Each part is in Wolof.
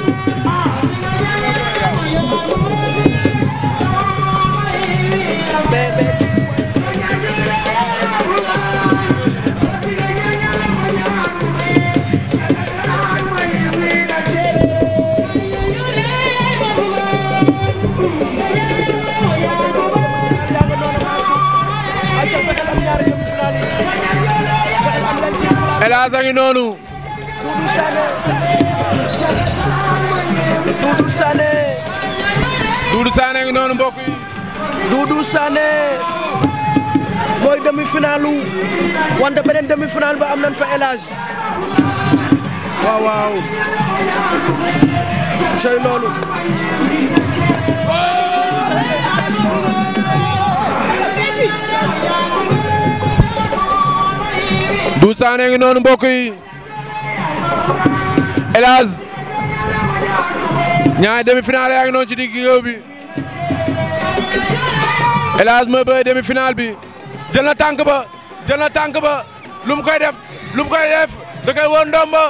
virage El Hadj a ngi noonu Sané ngi noonu mbokk yi. Doudou Sané mooy demi-finale wante beneen demi-finale ba am nañ fa élage waaw waaw loolu. Doudou Sané ngi noonu mbokk yi élage ñaari demi-finale yaa ngi noonu ci digg géew El Hadj Boy demi-finale bi jël na tànk ba jël na tànk ba lu koy def lu koy def da koy woo ndomba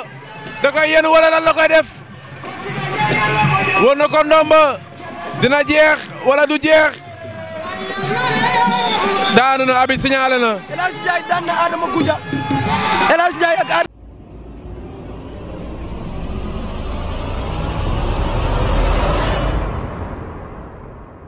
da koy yéen wala lan koy def woo na ko ndomba dina jeex walla du jeex daanu na abi signalé na. El Hadj daan na Adama Goudia